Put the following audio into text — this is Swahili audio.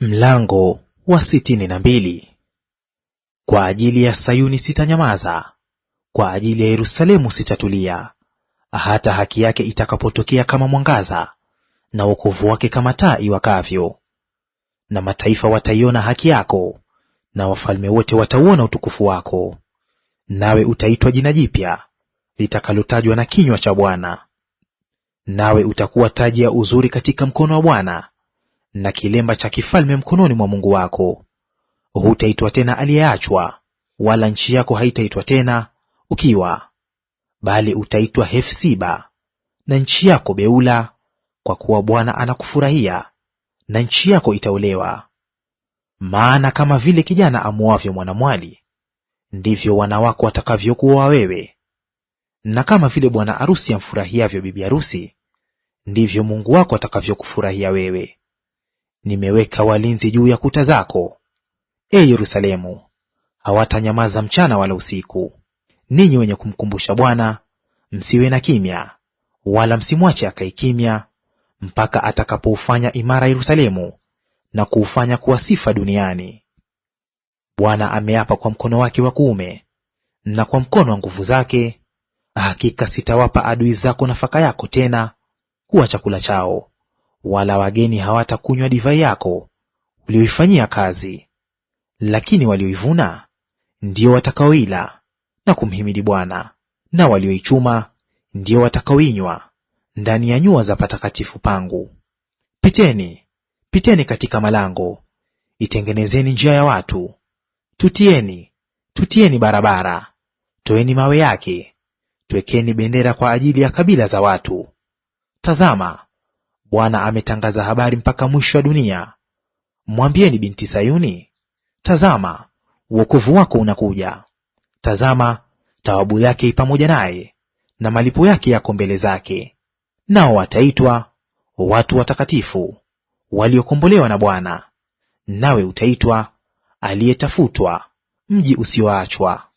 Mlango wa sitini na mbili. Kwa ajili ya Sayuni sitanyamaza, kwa ajili ya Yerusalemu sitatulia, hata haki yake itakapotokea kama mwangaza, na wokovu wake kama taa iwakavyo. Na mataifa wataiona haki yako, na wafalme wote watauona utukufu wako, nawe utaitwa jina jipya litakalotajwa na kinywa cha Bwana. Nawe utakuwa taji ya uzuri katika mkono wa Bwana na kilemba cha kifalme mkononi mwa Mungu wako. Hutaitwa tena aliyeachwa, wala nchi yako haitaitwa tena ukiwa, bali utaitwa Hefsiba na nchi yako Beula, kwa kuwa Bwana anakufurahia na nchi yako itaolewa. Maana kama vile kijana amuavyo mwanamwali, ndivyo wanawako wako watakavyokuoa wewe, na kama vile bwana arusi amfurahiavyo bibi arusi, ndivyo Mungu wako atakavyokufurahia wewe nimeweka walinzi juu ya kuta zako, e Yerusalemu; hawatanyamaza mchana wala usiku. Ninyi wenye kumkumbusha Bwana, msiwe na kimya, wala msimwache akae kimya, mpaka atakapoufanya imara Yerusalemu na kuufanya kuwa sifa duniani. Bwana ameapa kwa mkono wake wa kuume na kwa mkono wa nguvu zake, hakika sitawapa adui zako nafaka yako tena kuwa chakula chao, wala wageni hawatakunywa divai yako uliyoifanyia kazi. Lakini walioivuna ndio watakaoila na kumhimidi Bwana, na walioichuma ndio watakaoinywa ndani ya nyua za patakatifu pangu. Piteni, piteni katika malango, itengenezeni njia ya watu, tutieni, tutieni barabara, toeni mawe yake, twekeni bendera kwa ajili ya kabila za watu. Tazama, Bwana ametangaza habari mpaka mwisho wa dunia. Mwambieni binti Sayuni, tazama uokovu wako unakuja; tazama thawabu yake i pamoja naye, na malipo yake yako mbele zake. Nao wataitwa watu watakatifu, waliokombolewa na Bwana; nawe utaitwa aliyetafutwa, mji usioachwa.